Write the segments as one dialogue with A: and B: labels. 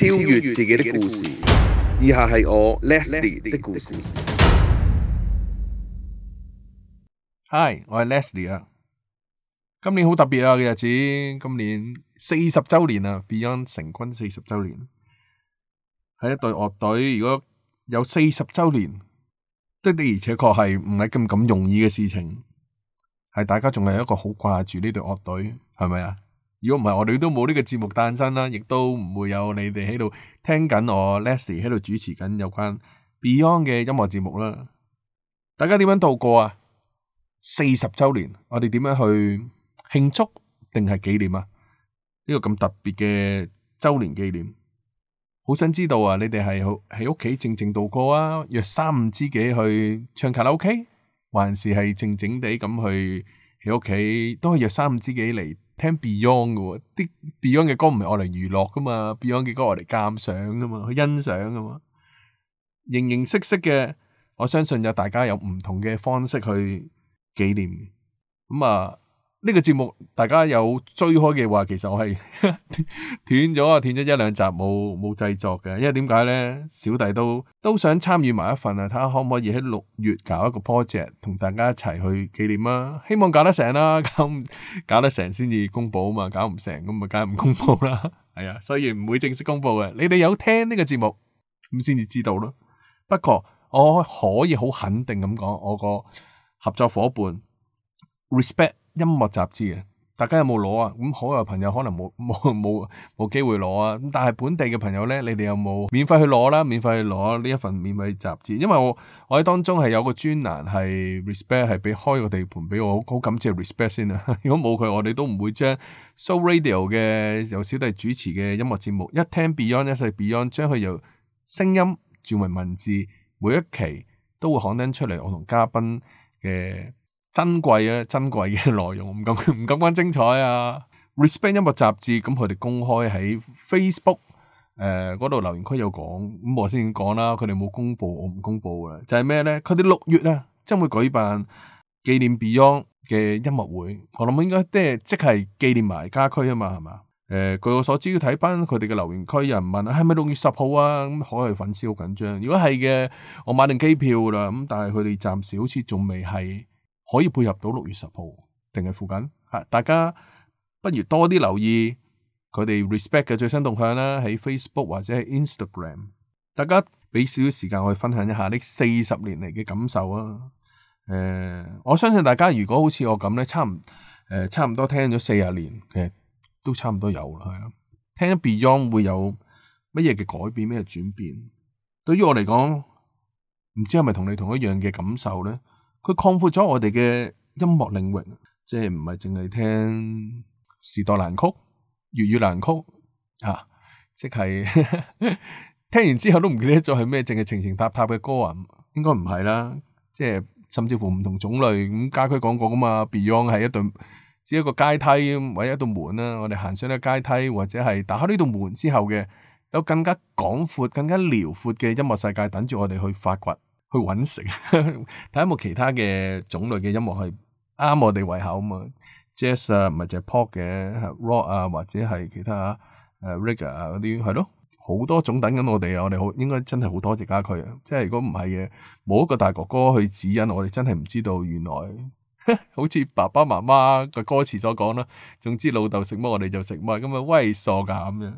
A: 超越自己的故事，以下係我 Leslie 的故事。Hi，我係 Leslie 啊。今年好特別啊嘅日子，今年四十周年啊，Beyond 成軍四十周年。係一隊樂隊，如果有四十周年，的的而且確係唔係咁咁容易嘅事情，係大家仲係一個好掛住呢隊樂隊，係咪啊？如果唔係，我哋都冇呢個節目誕生啦，亦都唔會有你哋喺度聽緊我 Leslie 喺度主持緊有關 Beyond 嘅音樂節目啦。大家點樣度過啊？四十周年，我哋點樣去慶祝定係紀念啊？呢個咁特別嘅周年紀念，好想知道啊！你哋係喺屋企靜靜度過啊？約三五知己去唱卡拉 OK，還是係靜靜地咁去喺屋企，都係約三五知己嚟。聽 Beyond 嘅、哦、啲 Beyond 嘅歌唔係愛嚟娛樂㗎嘛，Beyond 嘅歌愛嚟鑑賞㗎嘛，去欣賞㗎嘛，形形色色嘅，我相信有大家有唔同嘅方式去紀念、嗯，啊。呢個節目大家有追開嘅話，其實我係 斷咗啊，斷咗一兩集冇冇製作嘅，因為點解咧？小弟都都想參與埋一份啊，睇下可唔可以喺六月搞一個 project，同大家一齊去紀念啊！希望搞得成啦、啊，咁搞得成先至公布啊嘛，搞唔成咁咪梗係唔公布啦，係 啊，所以唔會正式公布嘅。你哋有聽呢個節目咁先至知道咯。不過我可以好肯定咁講，我個合作夥伴 respect。音樂雜誌啊，大家有冇攞啊？咁海外朋友可能冇冇冇冇機會攞啊。咁但係本地嘅朋友咧，你哋有冇免費去攞啦、啊？免費去攞呢、啊、一份免費雜誌。因為我我喺當中係有個專欄係 respect，係畀開個地盤畀我，好感謝 respect 先啊。 如果冇佢，我哋都唔會將 Soooradio 嘅由小弟主持嘅音樂節目一聽 Beyond 一世 Beyond，將佢由聲音轉為文字，每一期都會刊登出嚟。我同嘉賓嘅。珍貴咧、啊，珍貴嘅內容，唔敢唔敢講精彩啊！Respect 音樂雜誌咁，佢哋公開喺 Facebook 誒、呃、嗰度留言區有講，咁我先講啦。佢哋冇公布，我唔公布嘅就係咩咧？佢哋六月咧將會舉辦紀念 Beyond 嘅音樂會，我諗應該即係即係紀念埋家駒啊嘛，係嘛？誒、呃，據我所知要睇翻佢哋嘅留言區，有人問係咪六月十號啊？海外粉絲好緊張，如果係嘅，我買定機票啦。咁但係佢哋暫時好似仲未係。可以配合到六月十號定係附近，吓，大家不如多啲留意佢哋 Respect 嘅最新動向啦，喺 Facebook 或者係 Instagram，大家俾少少時間我去分享一下呢四十年嚟嘅感受啊！誒、呃，我相信大家如果好似我咁咧，差唔誒、呃、差唔多聽咗四十年，其實都差唔多有啦，係啦，聽咗 Beyond 會有乜嘢嘅改變，咩嘅轉變？對於我嚟講，唔知係咪同你同一樣嘅感受咧？佢擴闊咗我哋嘅音樂領域，即係唔係淨係聽時代難曲、粵語難曲啊！即係 聽完之後都唔記得咗係咩，淨係情情塔塔嘅歌啊，應該唔係啦。即係甚至乎唔同種類咁，家駒講過㗎嘛，Beyond 係一道只係一個階梯或者一道門啊，我哋行上呢個階梯或者係打開呢道門之後嘅，有更加廣闊、更加遼闊嘅音樂世界等住我哋去發掘。去搵食，睇 下有冇其他嘅種類嘅音樂係啱我哋胃口啊嘛，jazz 啊，唔係就 pop 嘅，rock 啊，或者係其他 reggae 啊嗰啲，係咯，好多種等緊我哋啊，我哋好應該真係好多謝家駒，即係如果唔係嘅，冇一個大哥哥去指引我哋，我真係唔知道原來， 好似爸爸媽媽嘅歌詞所講啦，總之老豆食乜我哋就食乜，咁啊威傻噶咁樣。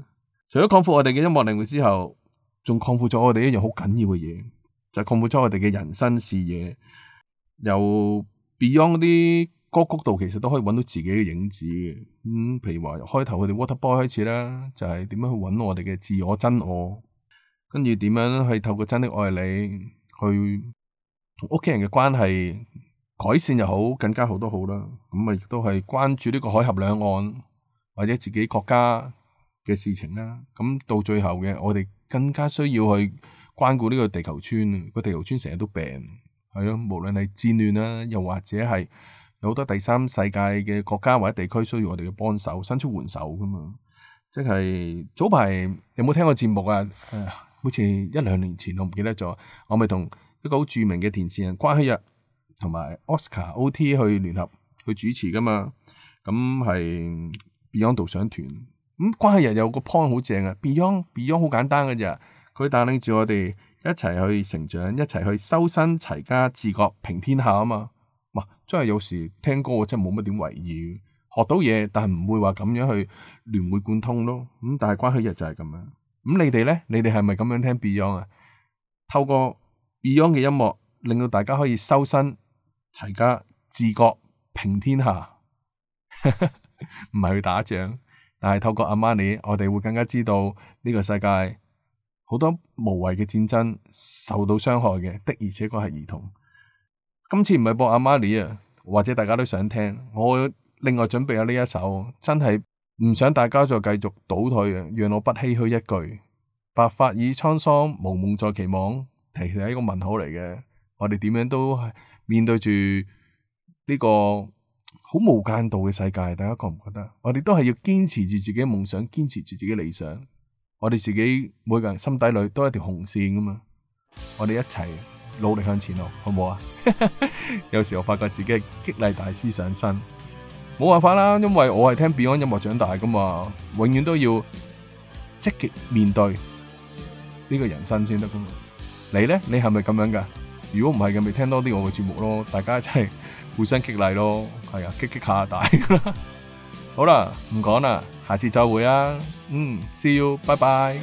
A: 除咗擴闊我哋嘅音樂靈魂之後，仲擴闊咗我哋一樣好緊要嘅嘢。就擴闊咗我哋嘅人生視野，由 Beyond 嗰啲歌曲度，其實都可以揾到自己嘅影子嘅。咁、嗯、譬如話開頭佢哋《Water Boy》開始啦，就係、是、點樣去揾我哋嘅自我真我，跟住點樣去透過真的愛你去同屋企人嘅關係改善又好，更加好都好啦。咁咪亦都係關注呢個海峽兩岸或者自己國家嘅事情啦。咁到最後嘅我哋更加需要去。關顧呢個地球村，個地球村成日都病，係咯。無論係戰亂啦，又或者係有好多第三世界嘅國家或者地區需要我哋嘅幫手，伸出援手噶嘛。即係早排有冇聽過節目啊？誒，好似一兩年前我唔記得咗，我咪同一個好著名嘅電視人關希日同埋 Oscar O T 去聯合去主持噶嘛。咁係 Beyond 導賞團。咁、嗯、關希日有個 point 好正啊。Beyond Beyond 好簡單嘅啫。佢帶領住我哋一齊去成長，一齊去修身齊家治國平天下啊嘛！哇，真係有時聽歌真係冇乜點為意，學到嘢但係唔會話咁樣去聯會貫通咯。咁但係關係日就係咁樣。咁你哋咧，你哋係咪咁樣聽 Beyond 啊？透過 Beyond 嘅音樂，令到大家可以修身齊家治國平天下，唔 係去打仗，但係透過 Amani 我哋會更加知道呢個世界。好多無謂嘅戰爭受到傷害嘅，的而且確係兒童。今次唔係播阿瑪尼啊，或者大家都想聽，我另外準備咗呢一首，真係唔想大家再繼續倒退啊！讓我不唏噓一句，白髮已滄桑，無夢再期望，其實係一個問號嚟嘅。我哋點樣都係面對住呢個好無間道嘅世界，大家覺唔覺得？我哋都係要堅持住自己嘅夢想，堅持住自己嘅理想。我哋自己每個人心底裏都一條紅線噶嘛，我哋一齊努力向前咯，好唔好啊？ 有時候發覺自己激勵大師上身，冇辦法啦，因為我係聽 Beyond 音樂長大噶嘛，永遠都要積極面對呢個人生先得噶嘛。你咧，你係咪咁樣噶？如果唔係嘅，咪聽多啲我嘅節目咯。大家真係互相激勵咯，係啊，激激下大啦。 好啦，唔講啦，下次再會啦。嗯，See you，拜拜。